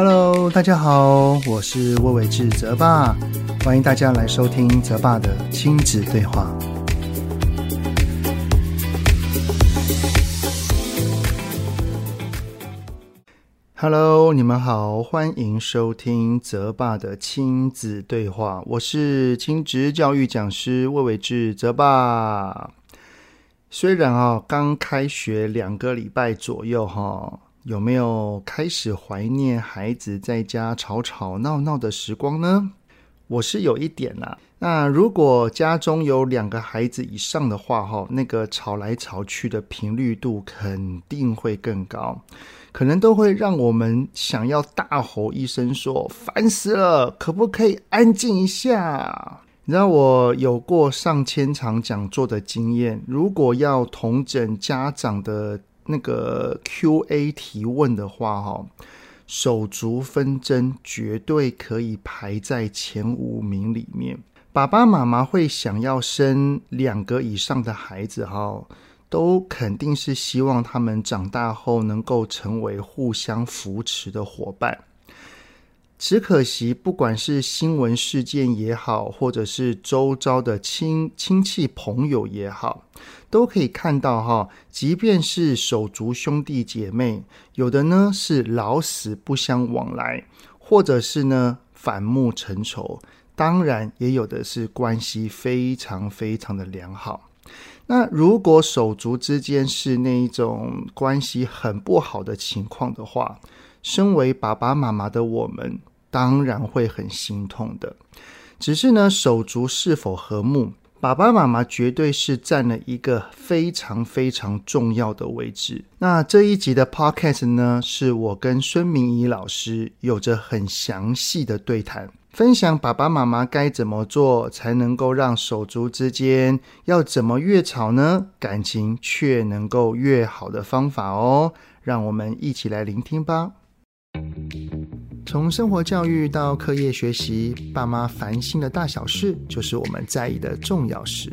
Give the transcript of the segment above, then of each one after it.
Hello，大家好，我是魏瑋志澤爸，歡迎大家來收聽澤爸的親子對話。Hello，你們好，歡迎收聽澤爸的親子對話，我是親職教育講師魏瑋志澤爸。雖然啊、哦，剛開學兩個禮拜左右、哦，哈。有沒有開始懷念孩子在家吵吵鬧鬧的時光呢？我是有一點啦、啊。那如果家中有兩個孩子以上的話，哈，那個吵來吵去的頻率度肯定會更高，可能都會讓我們想要大吼一聲說：“煩死了，可不可以安靜一下？”你知道我有過上千場講座的經驗，如果要統整家長的。那個 Q&A 提問的話，哈，手足紛爭絕對可以排在前五名裡面。爸爸媽媽會想要生兩個以上的孩子，哈，都肯定是希望他們長大後能夠成為互相扶持的夥伴。只可惜，不管是新聞事件也好，或者是周遭的親親戚朋友也好，都可以看到哈。即便是手足兄弟姐妹，有的呢是老死不相往來，或者是呢反目成仇。當然，也有的是關係非常非常的良好。那如果手足之間是那一種關係很不好的情況的話，身為爸爸媽媽的我們，當然會很心痛的。只是呢，手足是否和睦，爸爸媽媽絕對是佔了一個非常非常重要的位置。那這一集的 Podcast 呢，是我跟孫明儀老師有着很詳細的對談，分享爸爸媽媽該怎麼做，才能夠讓手足之間要怎麼越吵呢？感情卻能夠越好的方法哦。讓我們一起來聆聽吧。從生活教育到課業學習，爸媽煩心的大小事，就是我們在意的重要事。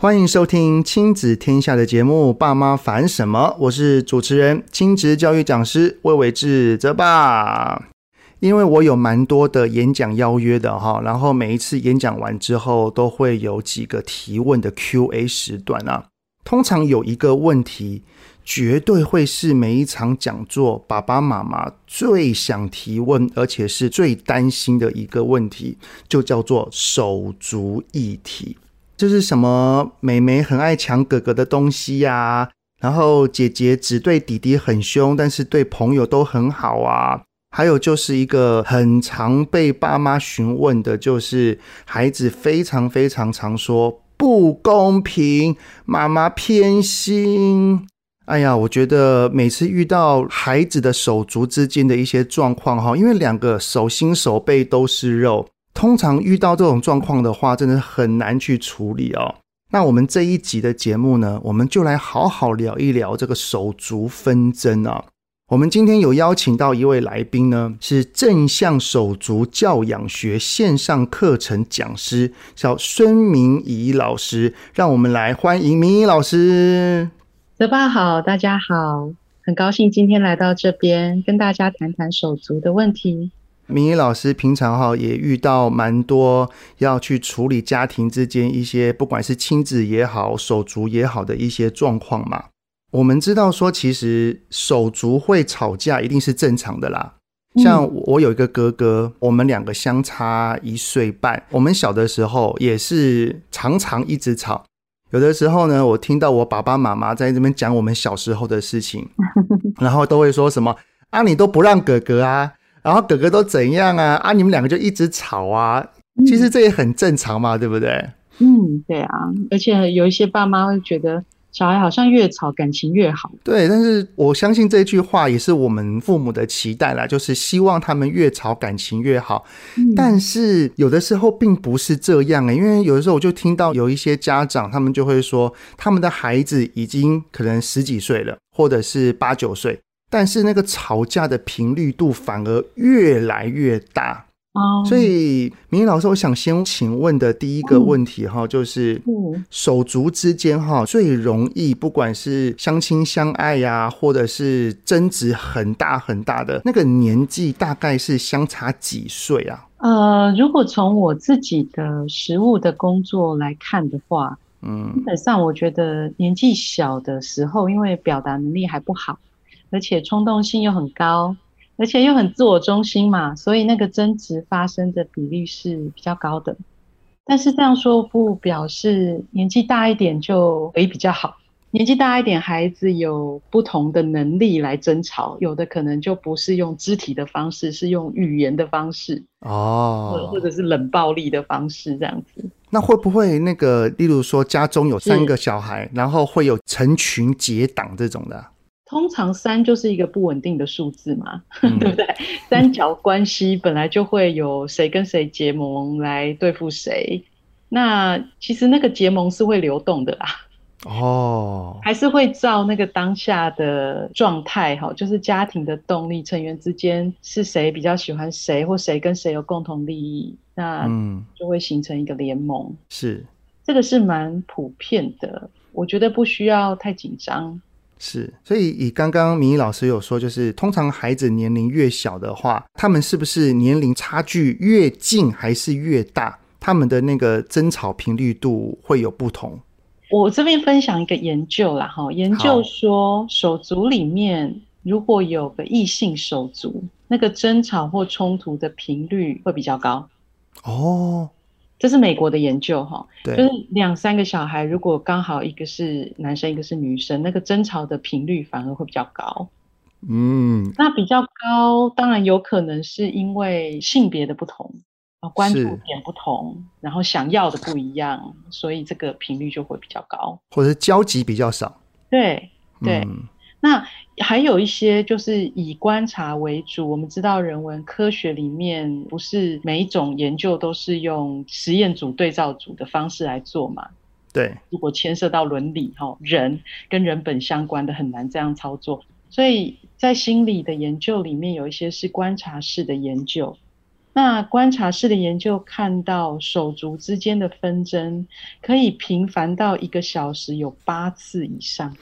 歡迎收聽《親子天下》的節目《爸媽煩什麼》，我是主持人、親職教育講師魏瑋志，澤爸。因為我有蠻多的演講邀約的哈，然後每一次演講完之後，都會有幾個提問的 Q&A 時段啊。通常有一個問題，絕對會是每一場講座爸爸媽媽最想提問，而且是最擔心的一個問題，就叫做手足議題。就是什麼妹妹很愛搶哥哥的東西呀、啊，然後姐姐只對弟弟很凶，但是對朋友都很好啊。還有就是一個很常被爸媽詢問的，就是孩子非常非常常說不公平，媽媽偏心。哎呀，我覺得每次遇到孩子的手足之間的一些狀況哈，因為兩個手心手背都是肉，通常遇到這種狀況的話，真的很難去處理哦。那我們這一集的節目呢，我們就來好好聊一聊這個手足紛爭啊。我們今天有邀請到一位來賓呢，是正向手足教養學線上課程講師，叫孫明儀老師。讓我們來歡迎明儀老師。澤爸好，大家好，很高興今天來到這邊，跟大家談談手足的問題。明儀老師平常哈也遇到蠻多要去處理家庭之間一些不管是親子也好、手足也好的一些狀況嘛。我們知道說，其實手足會吵架一定是正常的啦。像我有一個哥哥，我們兩個相差一歲半，我們小的時候也是常常一直吵。有的時候呢，我聽到我爸爸媽媽在這邊講我們小時候的事情，然後都會說什麼：“啊，你都不讓哥哥啊，然後哥哥都怎樣啊？啊，你們兩個就一直吵啊。”其實這也很正常嘛，對不對？嗯，對啊。而且有一些爸媽會覺得。小孩好像越吵感情越好，對。但是我相信這句話也是我們父母的期待啦，就是希望他們越吵感情越好。嗯。但是有的時候並不是這樣哎、欸，因為有的時候我就聽到有一些家長，他們就會說，他們的孩子已經可能十幾歲了，或者是八九歲，但是那個吵架的頻率度反而越來越大。所以，明儀老師，我想先請問的第一個問題哈，就是手足之間哈，最容易不管是相親相愛呀、啊，或者是爭執很大很大的那個年紀，大概是相差幾歲啊、嗯？呃，如果從我自己的實務的工作來看的話，嗯，基本上我覺得年紀小的時候，因為表達能力還不好，而且衝動性又很高。而且又很自我中心嘛，所以那個爭執發生的比例是比較高的。但是這樣說不表示年紀大一點就可以比較好。年紀大一點，孩子有不同的能力來爭吵，有的可能就不是用肢體的方式，是用語言的方式哦，或者是冷暴力的方式這樣子。那會不會那個，例如說家中有三個小孩，是然後會有成群結黨這種的？通常三就是一個不穩定的數字嘛，嗯、 對不對？三角關係本來就會有誰跟誰結盟來對付誰，那其實那個結盟是會流動的啦。哦，還是會照那個當下的狀態哈，就是家庭的動力，成員之間是誰比較喜歡誰，或誰跟誰有共同利益，那嗯就會形成一個聯盟。是，嗯、這個是蠻普遍的，我覺得不需要太緊張。是，所以以剛剛明儀老師有說，就是通常孩子年齡越小的話，他們是不是年齡差距越近還是越大，他們的那個爭吵頻率度會有不同？我這邊分享一個研究啦，哈，研究說好手足裡面如果有個異性手足，那個爭吵或衝突的頻率會比較高。哦。這是美國的研究，哈，就是兩三個小孩，如果剛好一個是男生，一個是女生，那個爭吵的頻率反而會比較高。嗯，那比較高，當然有可能是因為性別的不同，啊，關注點不同，是然後想要的不一樣，所以這個頻率就會比較高，或者交集比較少。對，對。嗯那還有一些就是以觀察為主。我們知道人文科學裡面不是每一種研究都是用實驗組對照組的方式來做嘛？對。如果牽涉到倫理哈，人跟人本相關的很難這樣操作，所以在心理的研究裡面有一些是觀察式的研究。那觀察式的研究看到手足之間的紛爭可以頻繁到一個小時有八次以上。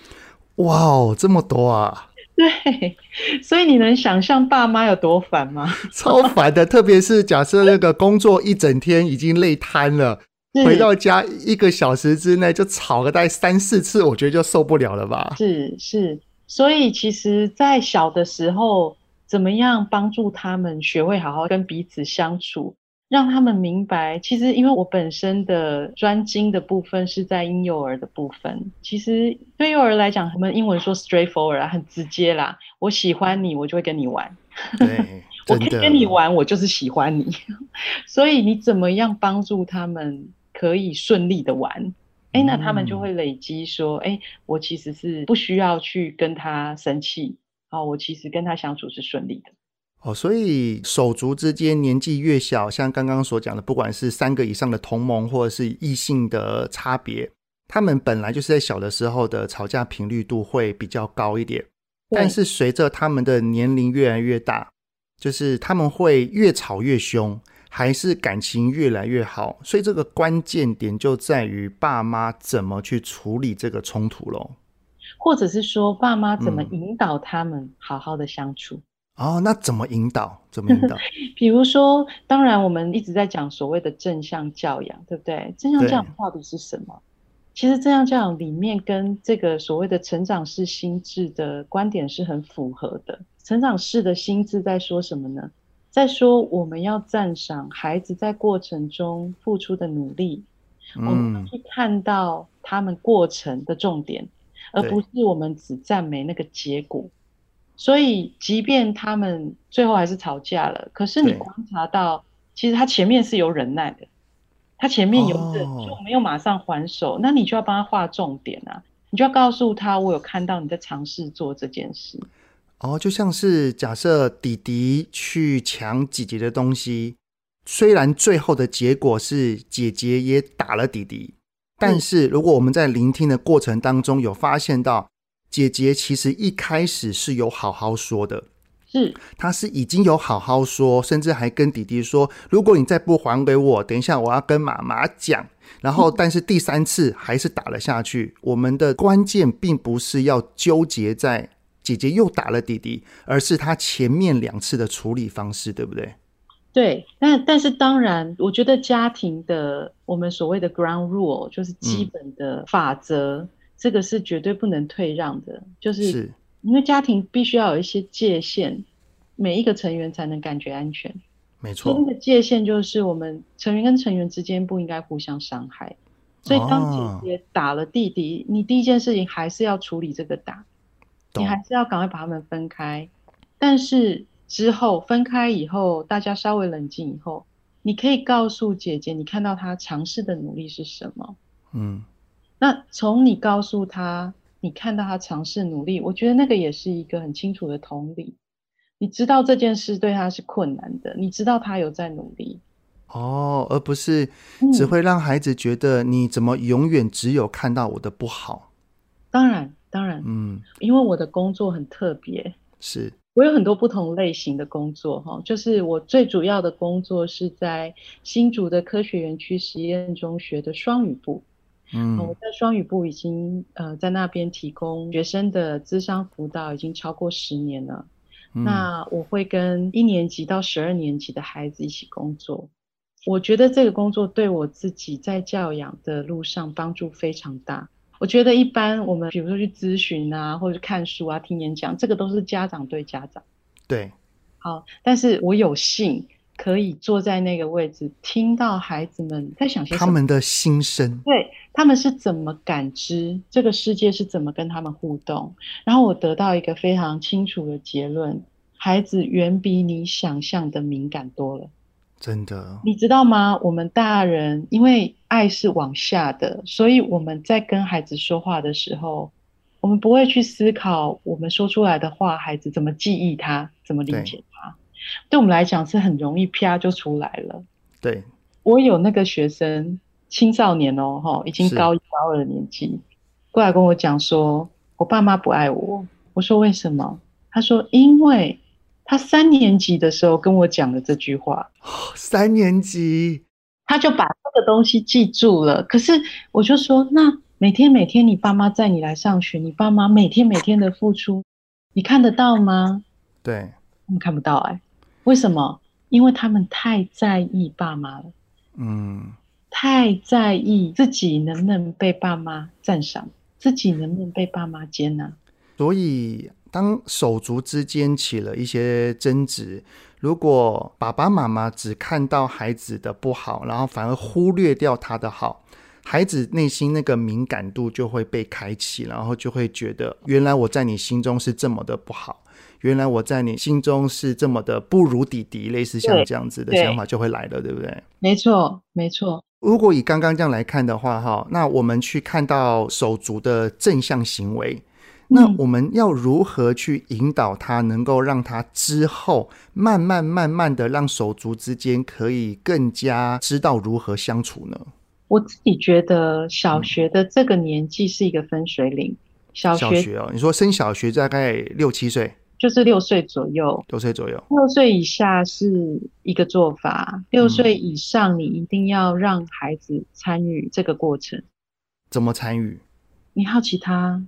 哇哦，wow, 這麼多啊！對，所以你能想象爸媽有多煩嗎？超煩的，特別是假設那個工作一整天已經累癱了， 是回到家一個小時之內就吵個大概三四次，我覺得就受不了了吧？是是，所以其實，在小的時候，怎麼樣幫助他們學會好好跟彼此相處？讓他們明白，其實因為我本身的專精的部分是在嬰幼兒的部分。其實對幼兒來講，他們英文說 straightforward，很直接啦。我喜歡你，我就會跟你玩。 我可以跟你玩，我就是喜歡你。所以你怎麼樣幫助他們可以順利的玩？哎、欸，那他們就會累積說：哎、嗯、欸，我其實是不需要去跟他生氣啊，哦，我其實跟他相處是順利的。哦，所以手足之間年紀越小，像剛剛所講的，不管是三個以上的同盟，或者是異性的差別，他們本來就是在小的時候的吵架頻率度會比較高一點。對但是隨着他們的年齡越來越大，就是他們會越吵越凶，還是感情越來越好？所以這個關鍵點就在於爸媽怎麼去處理這個衝突咯，或者是說爸媽怎麼引導他們好好的相處。嗯哦，oh, 那怎麼引導？怎麼引導？ 比如說，當然我們一直在講所謂的正向教養，對不對？正向教養到底是什麼？對其實正向教養裡面跟這個所謂的成長式心智的觀點是很符合的。成長式的心智在說什麼呢？在說我們要讚賞孩子在過程中付出的努力，嗯、我們去看到他們過程的重點，而不是我們只讚美那個結果。所以，即便他們最後還是吵架了，可是你觀察到，對其實他前面是有忍耐的，他前面有，就是沒有馬上還手，哦、那你就要幫他劃重點啊，你就要告訴他，我有看到你在嘗試做這件事。哦，就像是假設弟弟去搶姐姐的東西，雖然最後的結果是姐姐也打了弟弟，嗯、但是如果我們在聆聽的過程當中有發現到。姐姐其實一開始是有好好說的，是她是已經有好好說，甚至還跟弟弟說，如果你再不還給我，等一下我要跟媽媽講。然後，但是第三次還是打了下去。嗯，我們的關鍵並不是要糾結在姐姐又打了弟弟，而是她前面兩次的處理方式，對不對？對，那但是當然，我覺得家庭的我們所謂的 ground rule 就是基本的法則。嗯這個是絕對不能退讓的，就是因為家庭必須要有一些界限，每一個成員才能感覺安全。沒錯，那個界限就是我們成員跟成員之間不應該互相傷害。所以，當姐姐打了弟弟，哦、你第一件事情還是要處理這個打，懂你還是要趕快把他們分開。但是之後分開以後，大家稍微冷靜以後，你可以告訴姐姐，你看到他嘗試的努力是什麼？嗯。那從你告訴他，你看到他嘗試努力，我覺得那個也是一個很清楚的同理。你知道這件事對他是困難的，你知道他有在努力。哦，而不是只會讓孩子覺得你怎麼永遠只有看到我的不好。嗯，當然，當然，嗯，因為我的工作很特別，是我有很多不同類型的工作哈，就是我最主要的工作是在新竹的科學園區實驗中學的雙語部。嗯，我在雙語部已經呃，在那邊提供學生的諮商輔導已經超過十年了。嗯、那我會跟一年級到十二年級的孩子一起工作。我覺得這個工作對我自己在教養的路上幫助非常大。我覺得一般我們比如說去諮詢啊，或者看書啊，聽演講，這個都是家長對家長。對，好，但是我有幸。可以坐在那個位置，聽到孩子們在想象他們的心聲，對他們是怎麼感知這個世界，是怎麼跟他們互動。然後我得到一個非常清楚的結論：孩子遠比你想象的敏感多了。真的，你知道嗎？我們大人因為愛是往下的，所以我們在跟孩子說話的時候，我們不會去思考我們說出來的話，孩子怎麼記憶他，怎麼理解他。對我們來講是很容易啪就出來了。對，我有那個學生青少年哦、喔，已經高一是高二的年紀，過來跟我講說，我爸媽不愛我。我說為什麼？他說，因為他三年級的時候跟我講了這句話，三年級他就把這個東西記住了。可是我就說，那每天每天你爸媽載你來上學，你爸媽每天每天的付出，你看得到嗎？對，他們看不到哎、欸。為什麼？因為他們太在意爸媽了，嗯，太在意自己能不能被爸媽讚賞，自己能不能被爸媽接納。所以，當手足之間起了一些爭執，如果爸爸媽媽只看到孩子的不好，然後反而忽略掉他的好，孩子內心那個敏感度就會被開啟，然後就會覺得，原來我在你心中是這麼的不好。原來我在你心中是這麼的不如弟弟，對類似像這樣子的想法對就會來了，對不對？沒錯，沒錯。如果以剛剛這樣來看的話，哈，那我們去看到手足的正向行為，那我們要如何去引導他，能夠讓他之後慢慢慢慢的讓手足之間可以更加知道如何相處呢？我自己覺得小學的這個年紀是一個分水嶺。嗯、小學。小學哦，你說升小學大概六七歲。就是六歲左右，六歲左右，六歲以下是一個做法，嗯、六歲以上你一定要讓孩子參與這個過程。怎麼參與？你好奇他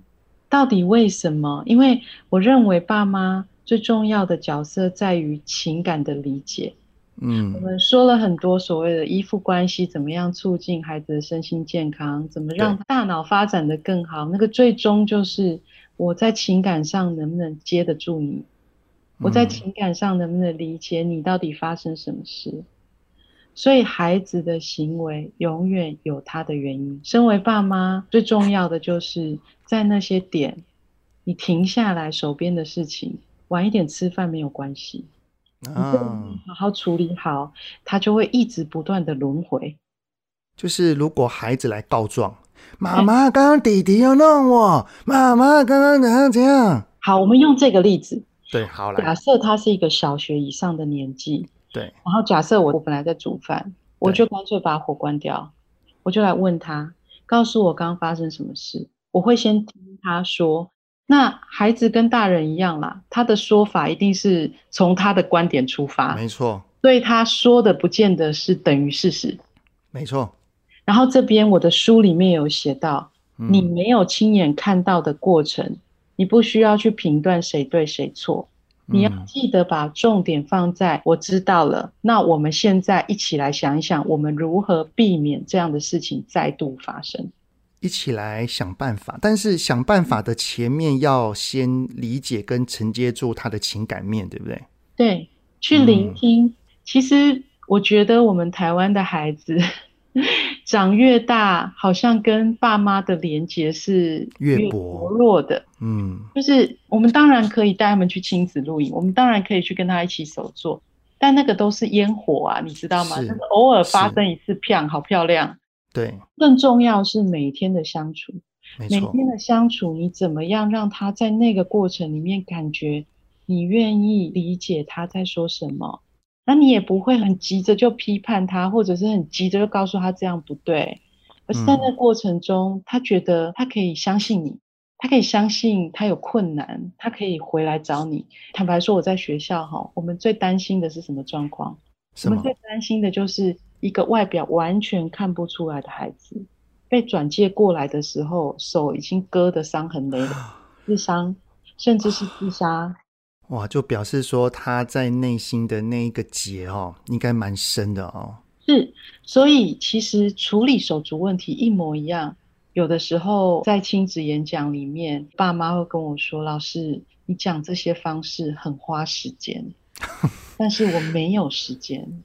到底為什麼？因為我認為爸媽最重要的角色在於情感的理解。嗯，我們說了很多所謂的依附關係，怎麼樣促進孩子的身心健康？怎麼讓大腦發展得更好？對那個最終就是。我在情感上能不能接得住你？我在情感上能不能理解你到底發生什麼事？所以孩子的行為永遠有他的原因。身為爸媽，最重要的就是在那些點，你停下來，手邊的事情晚一點吃飯沒有關係，然後你好好處理好，他就會一直不斷的輪迴。就是如果孩子來告狀，媽媽剛剛弟弟要弄我，媽媽剛剛怎樣怎樣。好，我們用這個例子。對，好了。假設他是一個小學以上的年紀。對。然後假設我我本來在煮飯，我就乾脆把火關掉，對我就來問他，告訴我剛剛發生什麼事。我會先聽他說。那孩子跟大人一樣啦，他的說法一定是從他的觀點出發。沒錯。所以他說的不見得是等於事實。沒錯。然後這邊我的書裡面有寫到，你沒有親眼看到的過程，嗯、你不需要去評斷誰對誰錯，嗯、你要記得把重點放在我知道了。那我們現在一起來想一想，我們如何避免這樣的事情再度發生？一起來想辦法，但是想辦法的前面要先理解跟承接住他的情感面，對不對？對，去聆聽。嗯、其實我覺得我們台灣的孩子。 長越大，好像跟爸媽的連結是越薄弱的。嗯，就是我們當然可以帶他們去親子露營，我們當然可以去跟他一起手作，但那個都是煙火啊，你知道嗎？就是，是偶爾發生一次，漂亮是，好漂亮。對，更重要是每天的相處，錯每天的相處，你怎麼樣讓他在那個過程裡面感覺你願意理解他在說什麼？那你也不會很急着就批判他，或者是很急着就告訴他這樣不對，而是在那過程中，嗯、他覺得他可以相信你，他可以相信他有困難，他可以回來找你。坦白說，我在學校哈，我們最擔心的是什麼狀況？嗎我們最擔心的就是一個外表完全看不出來的孩子被轉介過來的時候，手已經割得傷痕累累，自傷，甚至是自殺。 哇，就表示說他在內心的那一個結哦，應該蠻深的哦。是，所以其實處理手足問題一模一樣。有的時候在親子演講裡面，爸媽會跟我說：“老師，你講這些方式很花時間，但是我沒有時間。”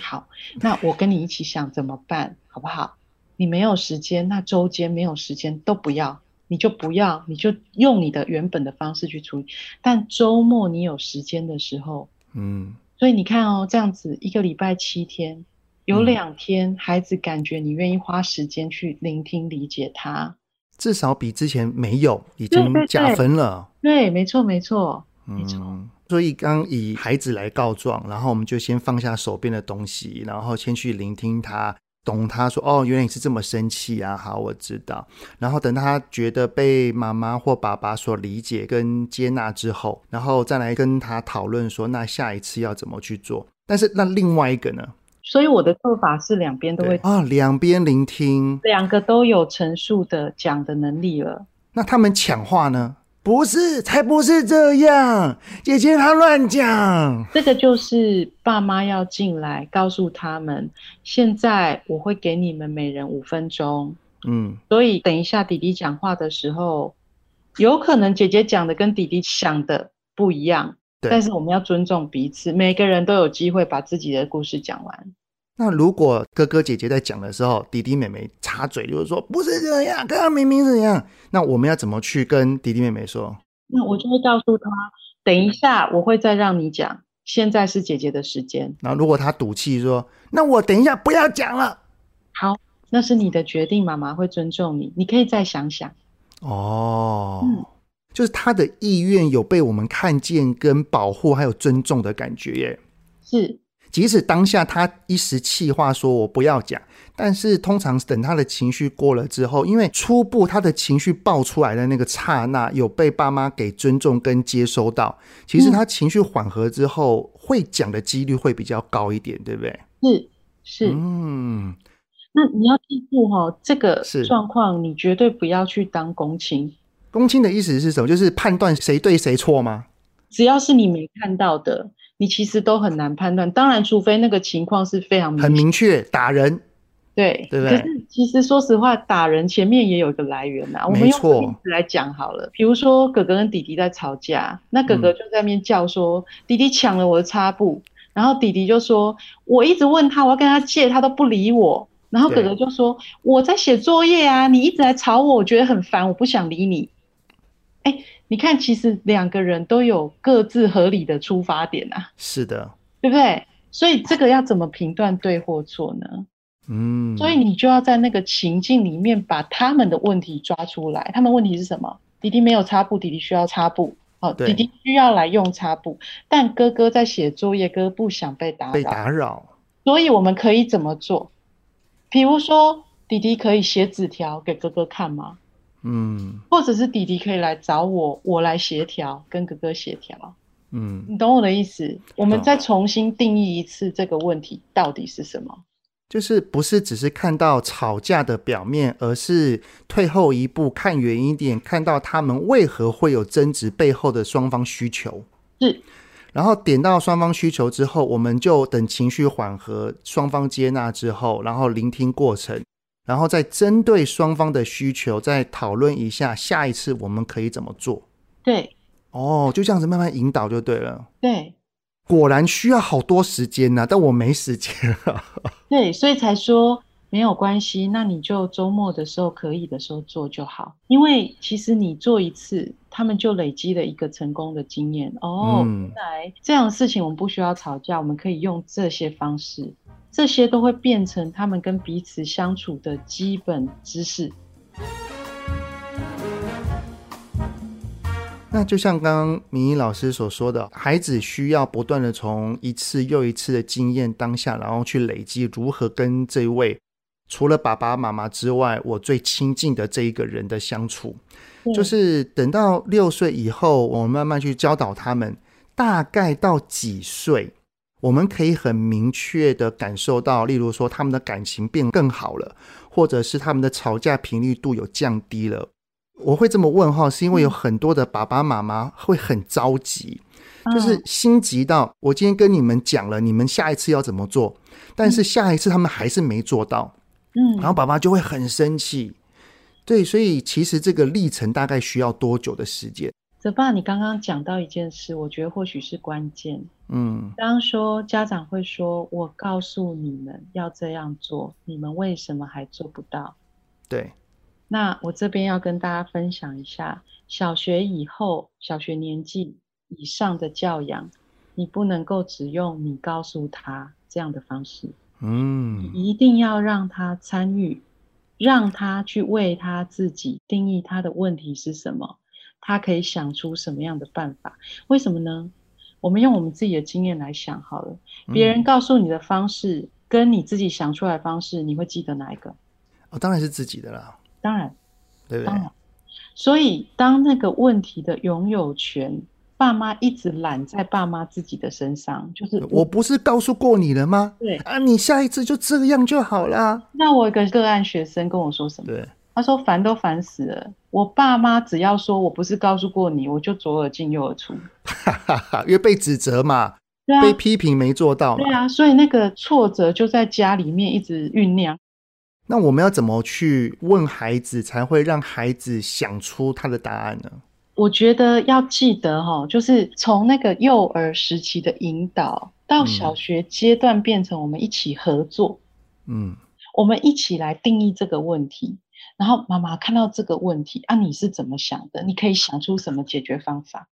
好，那我跟你一起想怎麼辦，好不好？你沒有時間，那周間沒有時間都不要。你就不要，你就用你的原本的方式去處理。但周末你有時間的時候，嗯，所以你看哦，這樣子一個禮拜七天，有兩天、嗯、孩子感覺你願意花時間去聆聽理解他，至少比之前沒有已經加分了。對，對，對，對，沒錯，沒錯，嗯，沒錯，所以剛以孩子來告狀，然後我們就先放下手邊的東西，然後先去聆聽他。懂他說哦，原來你是這麼生氣啊！好，我知道。然後等他覺得被媽媽或爸爸所理解跟接納之後，然後再來跟他討論說，那下一次要怎麼去做。但是那另外一個呢？所以我的做法是兩邊都會啊，兩邊對、哦、聆聽，兩個都有陳述的講的能力了。那他們搶話呢？不是，才不是這樣！姐姐她亂講。這個就是爸媽要進來告訴他們。現在我會給你們每人五分鐘。嗯，所以等一下弟弟講話的時候，有可能姐姐講的跟弟弟想的不一樣。對。但是我們要尊重彼此，每個人都有機會把自己的故事講完。那如果哥哥姐姐在講的時候，弟弟妹妹插嘴就，就是說不是這樣，剛剛明明是這樣。那我們要怎麼去跟弟弟妹妹說？那我就會告訴他，等一下我會再讓你講，現在是姐姐的時間。然後如果他賭氣說，那我等一下不要講了。好，那是你的決定，媽媽會尊重你，你可以再想想。哦，嗯，就是他的意願有被我們看見跟保護還有尊重的感覺耶。是。即使當下他一時氣話，說我不要講，但是通常等他的情緒過了之後，因為初步他的情緒爆出來的那個剎那，有被爸媽給尊重跟接收到，其實他情緒緩和之後，會講的幾率會比較高一點，對不對？是是，是，嗯，那你要記住哈、哦，這個狀況你絕對不要去當公親。公親的意思是什麼？就是判斷誰對誰錯嗎？只要是你沒看到的，你其實都很難判斷，當然，除非那個情況是非常明很明確打人，對對不對？對吧可是，其實說實話，打人前面也有一個來源吶、啊。錯我們用例子來講好了，比如說哥哥跟弟弟在吵架，那哥哥就在那邊叫說：“嗯、弟弟搶了我的擦布。”然後弟弟就說：“我一直問他我要跟他借，他都不理我。”然後哥哥就說：“對我在寫作業啊，你一直來吵我，我覺得很煩，我不想理你。欸”哎。你看，其實兩個人都有各自合理的出發點啊。是的，對不對？所以這個要怎麼評斷對或錯呢？嗯，所以你就要在那個情境裡面把他們的問題抓出來。他們問題是什麼？弟弟沒有擦布，弟弟需要擦布。哦。對弟弟需要來用擦布，但哥哥在寫作業，哥哥不想被打擾。被打擾。所以我們可以怎麼做？比如說，弟弟可以寫紙條給哥哥看嗎？嗯，或者是弟弟可以來找我，我來協調，跟哥哥協調。嗯，你懂我的意思。我們再重新定義一次這個問題到底是什麼？就是不是只是看到吵架的表面，而是退後一步，看遠一點，看到他們為何會有爭執背後的雙方需求。是，然後點到雙方需求之後，我們就等情緒緩和，雙方接納之後，然後聆聽過程。然後再針對雙方的需求，再討論一下下一次我們可以怎麼做。對，哦，就這樣子慢慢引導就對了。對，果然需要好多時間呢、啊，但我沒時間了。對，所以才說沒有關係，那你就周末的時候可以的時候做就好，因為其實你做一次，他們就累積了一個成功的經驗。嗯、哦，原來這樣的事情我們不需要吵架，我們可以用這些方式。這些都會變成他們跟彼此相處的基本知識。那就像剛剛明儀老師所說的，孩子需要不斷地從一次又一次的經驗當下，然後去累積如何跟這位除了爸爸媽媽之外，我最親近的這一個人的相處。嗯、就是等到六歲以後，我們慢慢去教導他們，大概到幾歲？我們可以很明確的感受到，例如說他們的感情變更好了，或者是他們的吵架頻率度有降低了。我會這麼問哈，是因為有很多的爸爸媽媽會很着急，嗯、就是心急到我今天跟你們講了，你們下一次要怎麼做，但是下一次他們還是沒做到，嗯，然後爸爸就會很生氣。對，所以其實這個歷程大概需要多久的時間？澤爸，ar, 你剛剛講到一件事，我覺得或許是關鍵。嗯，剛剛說家長會說：“我告訴你們要這樣做，你們為什麼還做不到？”對。那我這邊要跟大家分享一下，小學以後，小學年紀以上的教養，你不能夠只用你告訴他這樣的方式。嗯，一定要讓他參與，讓他去為他自己定義他的問題是什麼。他可以想出什麼樣的辦法？為什麼呢？我們用我們自己的經驗來想好了。別人告訴你的方式，嗯、跟你自己想出來的方式，你會記得哪一個？哦，當然是自己的啦。當然，對不對？所以，當那個問題的擁有權，爸媽一直攬在爸媽自己的身上，就是我不是告訴過你了嗎？對啊，你下一次就這樣就好啦。那我一個個案學生跟我說什麼？對。他說：“煩都煩死了！我爸媽只要說我不是告訴過你，我就左耳進右耳出， 因為被指責嘛，對啊、被批評沒做到。對啊，所以那個挫折就在家裡面一直醞釀。那我們要怎麼去問孩子，才會讓孩子想出他的答案呢？我覺得要記得哈，就是從那個幼兒時期的引導，到小學階段變成我們一起合作，嗯，我們一起來定義這個問題。”然後媽媽看到這個問題啊，你是怎麼想的？你可以想出什麼解決方法？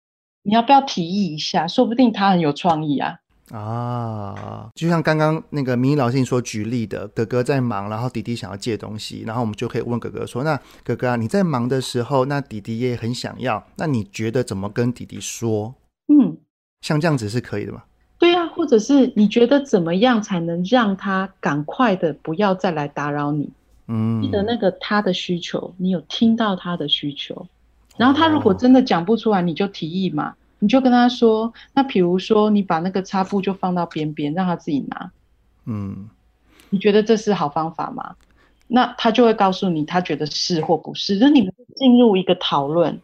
你要不要提議一下？說不定他很有創意啊！啊，就像剛剛那個明儀老師說舉例的，哥哥在忙，然後弟弟想要借東西，然後我們就可以問哥哥說：“那哥哥啊，你在忙的時候，那弟弟也很想要，那你覺得怎麼跟弟弟說？”嗯，像這樣子是可以的嗎？對啊，或者是你覺得怎麼樣才能讓他趕快的不要再來打擾你？嗯，你的那個他的需求，你有聽到他的需求，然後他如果真的講不出來，你就提議嘛，哦、你就跟他說，那比如說你把那個擦布就放到邊邊，讓他自己拿。嗯，你覺得這是好方法嗎？那他就會告訴你，他覺得是或不是。那你們進入一個討論，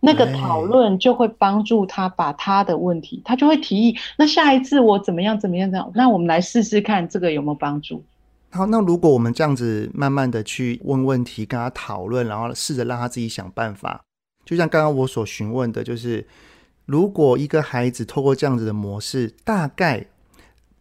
那個討論就會幫助他把他的問題，欸、他就會提議，那下一次我怎麼樣怎麼樣怎樣，那我們來試試看這個有沒有幫助。好，那如果我們這樣子慢慢的去問問題，跟他討論，然後試着讓他自己想辦法。就像剛剛我所詢問的，就是如果一個孩子透過這樣子的模式，大概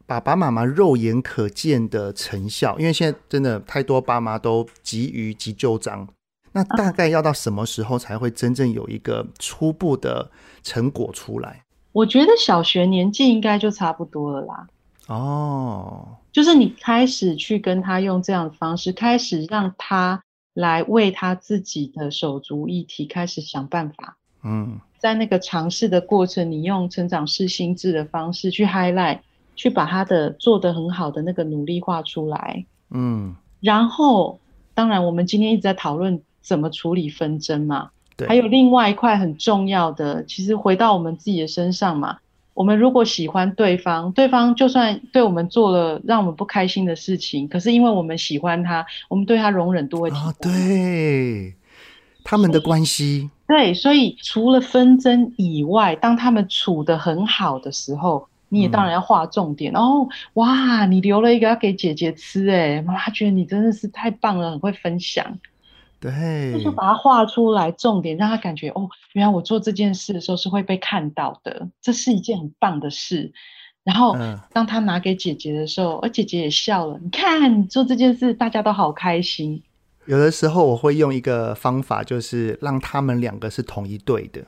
爸爸媽媽肉眼可見的成效，因為現在真的太多爸媽都急於急就章，那大概要到什麼時候才會真正有一個初步的成果出來？我覺得小學年紀應該就差不多了啦。哦，oh. 就是你開始去跟他用這樣的方式，開始讓他來為他自己的手足議題開始想辦法。嗯，mm. 在那個嘗試的過程，你用成長式心智的方式去 highlight，去把他的做得很好的那個努力畫出來。嗯，mm. 然後當然，我們今天一直在討論怎麼處理紛爭嘛。對，還有另外一塊很重要的，其實回到我們自己的身上嘛。我們如果喜歡對方，對方就算對我們做了讓我們不開心的事情，可是因為我們喜歡他，我們對他容忍度會提高。哦、對，他們的關係對，所以除了紛爭以外，當他們處得很好的時候，你也當然要畫重點。嗯、然後哇，你留了一個要給姐姐吃，欸，哎，媽媽覺得你真的是太棒了，很會分享。對，就是把它畫出來，重點讓他感覺哦，原來我做這件事的時候是會被看到的，這是一件很棒的事。然後當他拿給姐姐的時候，我、嗯哦、姐姐也笑了，你看你做這件事，大家都好開心。有的時候我會用一個方法，就是讓他們兩個是同一隊的，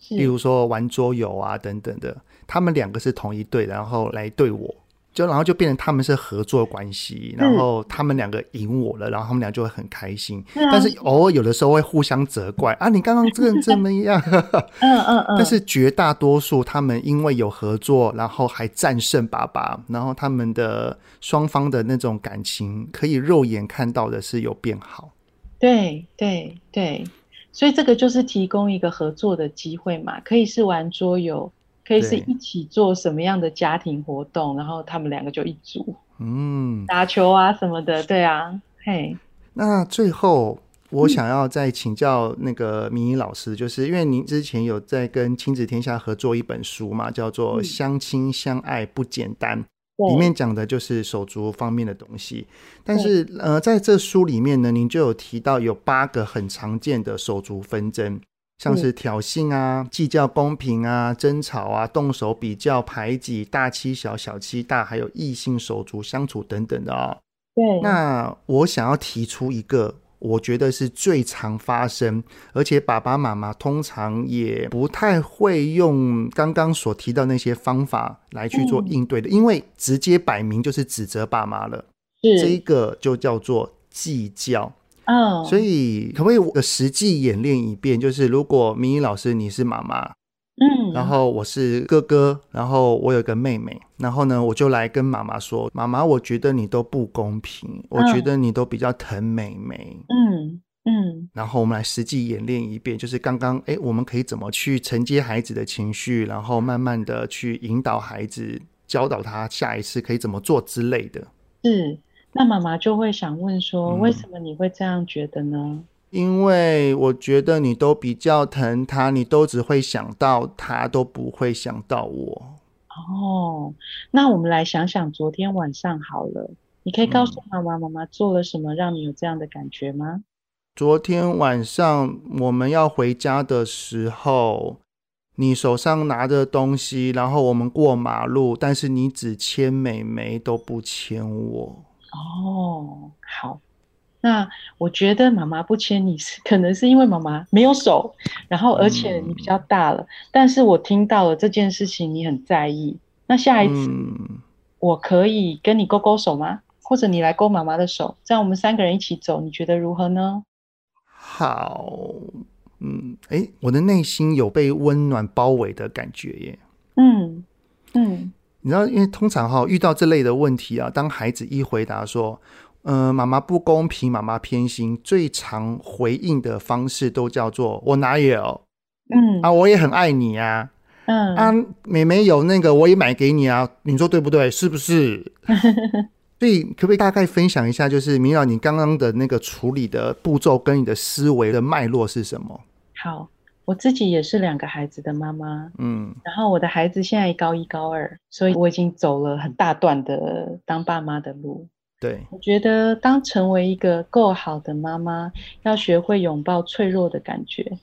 是例如說玩桌遊啊等等的，他們兩個是同一隊，然後來對我。就然後就變成他們是合作關係，然後他們兩個贏我了，然後他們倆就會很開心。嗯、但是偶爾、嗯哦、有的時候會互相責怪、嗯、啊，你剛剛這個人怎麼樣？嗯嗯 嗯。嗯嗯，但是絕大多數他們因為有合作，然後還戰勝爸爸，然後他們的雙方的那種感情，可以肉眼看到的是有變好。對對對，所以這個就是提供一個合作的機會嘛，可以是玩桌遊。可以是一起做什麼樣的家庭活動，對然後他們兩個就一組，嗯，打球啊什麼的，對啊，嘿。那最後我想要再請教那個明儀老師，嗯、就是因為您之前有在跟親子天下合作一本書嘛，叫做《相親相愛不簡單》，嗯、裡面講的就是手足方面的東西。哦、但是對呃，在這書裡面呢，您就有提到有八個很常見的手足紛爭。像是挑釁啊、計較公平啊、爭吵啊、動手比較、排擠、大欺小、小欺大，還有異性手足相處等等的哦。對。那我想要提出一個，我覺得是最常發生，而且爸爸媽媽通常也不太會用剛剛所提到那些方法來去做應對的，嗯、因為直接擺明就是指責爸媽了。是。這一個就叫做計較。Oh, 所以可不可以我實際演練一遍？就是如果明儀老師，你是媽媽，um, 然後我是哥哥，然後我有個妹妹，然後呢，我就來跟媽媽說：“媽媽，我覺得你都不公平，我覺得你都比較疼妹妹。”嗯、oh, um, um, 然後我們來實際演練一遍，就是剛剛哎，我們可以怎麼去承接孩子的情緒，然後慢慢的去引導孩子，教導他下一次可以怎麼做之類的。嗯。Um, 那媽媽就會想問說：“為什麼你會這樣覺得呢、嗯？”因為我覺得你都比較疼他，你都只會想到他，都不會想到我。哦，那我們來想想昨天晚上好了。你可以告訴媽媽，嗯、媽媽做了什麼讓你有這樣的感覺嗎？昨天晚上我們要回家的時候，你手上拿着東西，然後我們過馬路，但是你只牽妹妹都不牽我。哦，好，那我覺得媽媽不牽你是，可能是因為媽媽沒有手，然後而且你比較大了。嗯、但是我聽到了這件事情，你很在意。那下一次我可以跟你勾勾手嗎？嗯、或者你來勾媽媽的手，這樣我們三個人一起走，你覺得如何呢？好，嗯，哎、欸，我的內心有被溫暖包圍的感覺耶。嗯嗯。嗯你知道，因為通常哈遇到這類的問題啊，當孩子一回答說，嗯、呃，媽媽不公平，媽媽偏心，最常回應的方式都叫做我哪有，嗯啊，我也很愛你啊，嗯啊，妹妹有那個，我也買給你啊，你說對不對？是不是？ 所以可不可以大概分享一下，就是明老，你剛剛的那個處理的步驟跟你的思維的脈絡是什麼？好。我自己也是兩個孩子的媽媽，嗯，然後我的孩子現在高一高二，所以我已經走了很大段的當爸媽的路。嗯、對，我覺得當成為一個夠好的媽媽，要學會擁抱脆弱的感覺。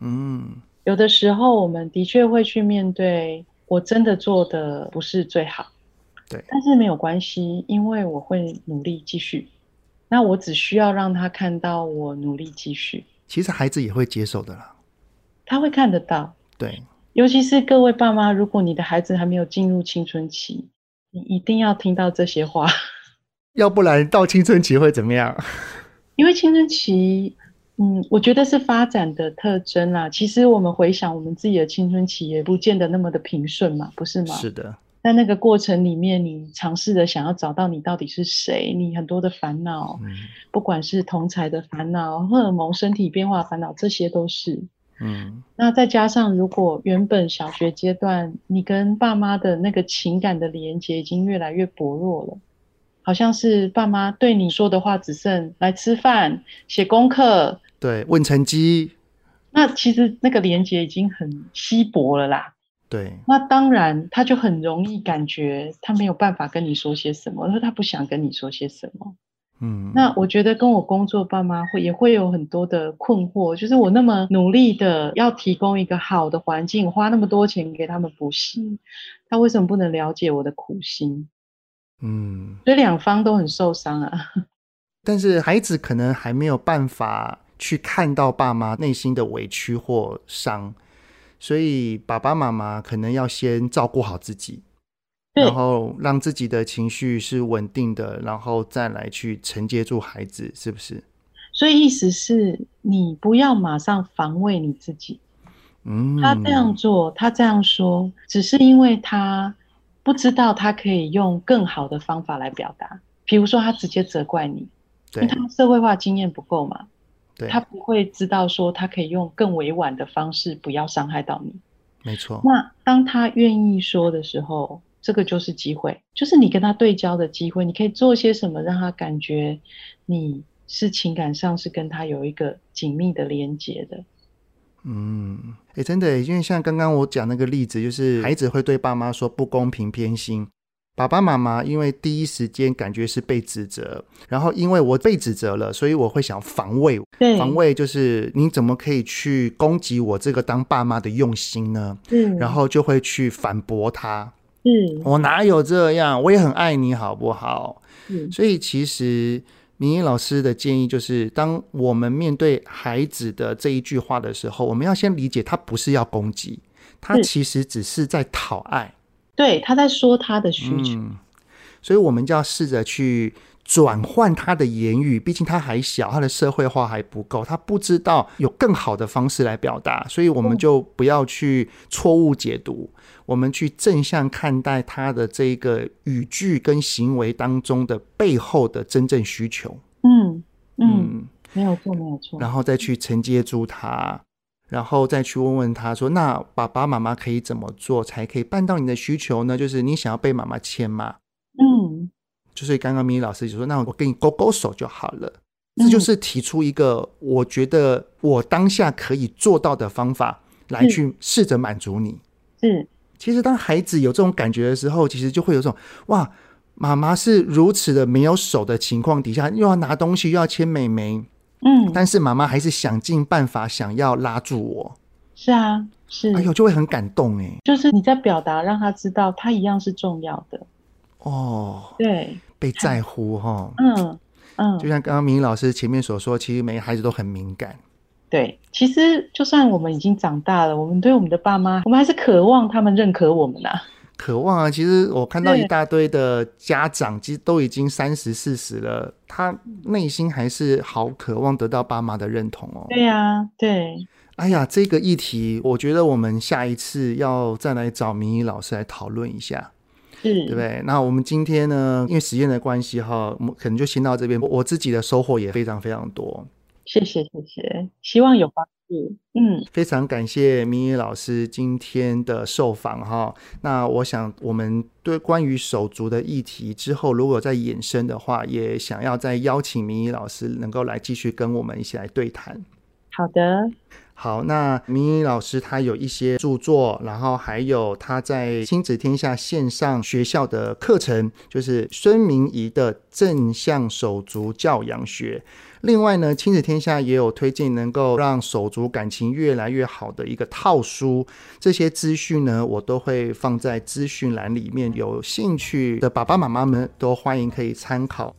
嗯，有的時候我們的確會去面對，我真的做得不是最好，對，但是沒有關係，因為我會努力繼續。那我只需要讓他看到我努力繼續，其實孩子也會接受的啦。他會看得到，對，尤其是各位爸媽，如果你的孩子還沒有進入青春期，你一定要聽到這些話，要不然到青春期會怎麼樣？因為青春期，嗯，我覺得是發展的特徵啦。其實我們回想我們自己的青春期，也不見得那麼的平順嘛，不是嗎？是的，在那個過程裡面，你嘗試着想要找到你到底是誰，你很多的煩惱，嗯、不管是同儕的煩惱、荷爾蒙、身體變化的煩惱，這些都是。嗯，那再加上，如果原本小學階段你跟爸媽的那個情感的連接已經越來越薄弱了，好像是爸媽對你說的話只剩來吃飯、寫功課，對，問成績。那其實那個連接已經很稀薄了啦。對，那當然他就很容易感覺他沒有辦法跟你說些什麼，他說他不想跟你說些什麼。嗯，那我覺得跟我工作，爸媽會也會有很多的困惑，就是我那麼努力的要提供一個好的環境，花那麼多錢給他們補習，他為什麼不能了解我的苦心？嗯，所以兩方都很受傷啊。但是孩子可能還沒有辦法去看到爸媽內心的委屈或傷，所以爸爸媽媽可能要先照顧好自己。然後讓自己的情緒是穩定的，然後再來去承接住孩子，是不是？所以意思是你不要馬上防衛你自己。嗯，他這樣做，他這樣說，只是因為他不知道他可以用更好的方法來表達。比如說，他直接責怪你，對因為他社會化經驗不夠嘛，對他不會知道說他可以用更委婉的方式，不要傷害到你。沒錯。那當他願意說的時候，這個就是機會，就是你跟他對焦的機會。你可以做些什麼，讓他感覺你是情感上是跟他有一個緊密的連接的。嗯，哎、欸，真的、欸，因為像剛剛我講那個例子，就是孩子會對爸媽說不公平、偏心，爸爸媽媽因為第一時間感覺是被指責，然後因為我被指責了，所以我會想防衛，對防衛就是你怎麼可以去攻擊我這個當爸媽的用心呢？嗯，然後就會去反駁他。嗯、我哪有這樣？我也很愛你，好不好？嗯、所以其實明儀老師的建議就是，當我們面對孩子的這一句話的時候，我們要先理解，他不是要攻擊，他其實只是在討愛。嗯、對，他在說他的需求，嗯、所以我們就要試着去。轉換他的言語，畢竟他還小，他的社會化還不夠，他不知道有更好的方式來表達，所以我們就不要去錯誤解讀，嗯、我們去正向看待他的這個語句跟行為當中的背後的真正需求。嗯嗯，嗯嗯沒有錯，沒有錯。然後再去承接住他，然後再去問問他說：“那爸爸媽媽可以怎麼做，才可以辦到你的需求呢？就是你想要被媽媽牽嗎？”就是剛剛明儀老師就說，那我跟你勾勾手就好了。嗯、這就是提出一個我覺得我當下可以做到的方法來去試着滿足你。嗯是，其實當孩子有這種感覺的時候，其實就會有種哇，媽媽是如此的沒有手的情況底下，又要拿東西又要牽妹妹。嗯，但是媽媽還是想盡辦法想要拉住我。是啊，是，哎呦，就會很感動哎。就是你在表達，讓他知道他一樣是重要的。哦，對。被在乎哈、哦嗯，嗯嗯，就像剛剛明儀老師前面所說，其實每個孩子都很敏感。對，其實就算我們已經長大了，我們對我們的爸媽，我們還是渴望他們認可我們吶、啊。渴望啊，其實我看到一大堆的家長，其實都已經三十四十了，他內對心還是好渴望得到爸媽的認同哦。對呀、啊，對。哎呀，這個議題，我覺得我們下一次要再來找明儀老師來討論一下。是，對不對？那我們今天呢，因為時間的關係哈，我們可能就先到這邊。我自己的收穫也非常非常多，謝謝謝謝，希望有幫助。嗯，非常感謝明儀老師今天的受訪哈。那我想，我們對關於手足的議題之後，如果再延伸的話，也想要再邀請明儀老師能夠來繼續跟我們一起來對談。好的，好。那明儀老師他有一些著作，然後還有他在親子天下線上學校的課程，就是孫明儀的正向手足教養學。另外呢，親子天下也有推薦能夠讓手足感情越來越好的一個套書。這些資訊呢，我都會放在資訊欄裡面，有興趣的爸爸媽媽們都歡迎可以參考。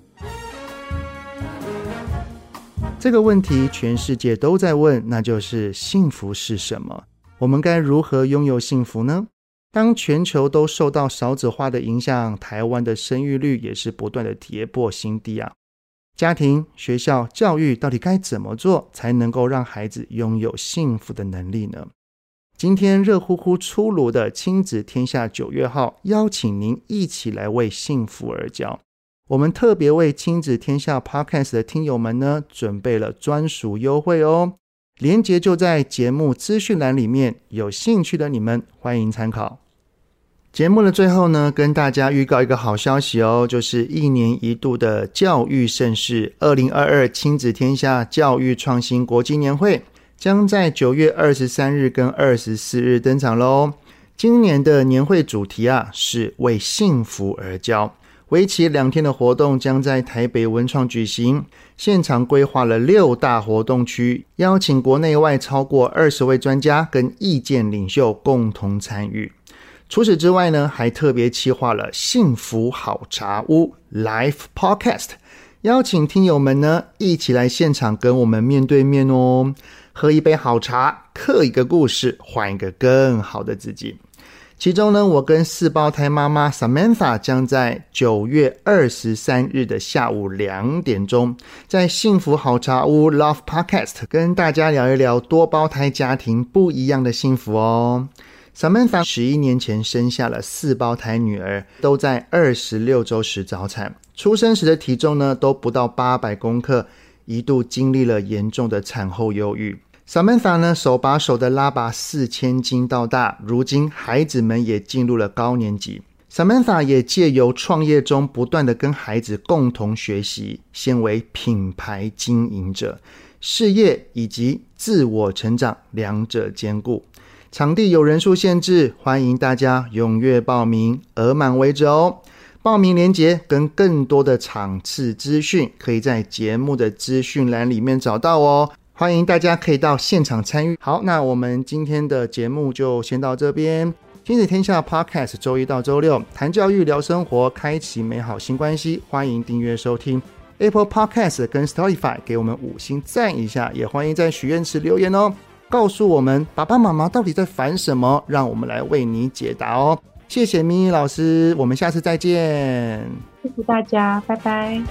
這個問題，全世界都在問，那就是幸福是什麼？我們該如何擁有幸福呢？當全球都受到少子化的影響，台灣的生育率也是不斷的跌破新低啊！家庭、學校、教育到底該怎麼做，才能夠讓孩子擁有幸福的能力呢？今天熱乎乎出爐的《親子天下》九月號，邀請您一起來為幸福而教。我們特別為親子天下 Podcast 的聽友們呢，準備了專屬優惠哦，連結就在節目資訊欄裡面，有興趣的你們歡迎參考。節目的最後呢，跟大家預告一個好消息哦，就是一年一度的教育盛事——二零二二親子天下教育創新國際年會，將在九月二十三日跟二十四日登場嘍。今年的年會主題啊，是為幸福而教。為期兩天的活動將在台北文創舉行，現場規劃了六大活動區，邀請國內外超過二十位專家跟意見領袖共同參與。除此之外呢，還特別企劃了幸福好茶屋 Live Podcast，邀請聽友們呢一起來現場跟我們面對面哦，喝一杯好茶，聊一個故事，換一個更好的自己。其中呢，我跟四胞胎媽媽 Samantha 將在九月二十三日的下午兩點鐘，在幸福好茶屋 Love Podcast 跟大家聊一聊多胞胎家庭不一樣的幸福哦。Samantha 十一年前生下了四胞胎女兒，都在二十六周時早產，出生時的體重呢都不到八百公克，一度經歷了嚴重的產後憂鬱。Samantha 呢，手把手的拉拔四千斤到大，如今孩子們也進入了高年級。Samantha 也借由創業中，不斷的跟孩子共同學習，現為品牌經營者，事業以及自我成長兩者兼顧。場地有人數限制，歡迎大家踴躍報名，額滿為止哦。報名鏈接跟更多的場次資訊，可以在節目的資訊欄裡面找到哦。歡迎大家可以到現場參與。好，那我們今天的節目就先到這邊。親子天下 Podcast，周一到周六談教育、聊生活，開啟美好新關係。歡迎訂閱收聽 Apple Podcast 跟 Spotify，給我們五星讚一下。也歡迎在許願池留言哦，告訴我們爸爸媽媽到底在煩什麼，讓我們來為你解答哦。謝謝明儀老師，我們下次再見。謝謝大家，拜拜。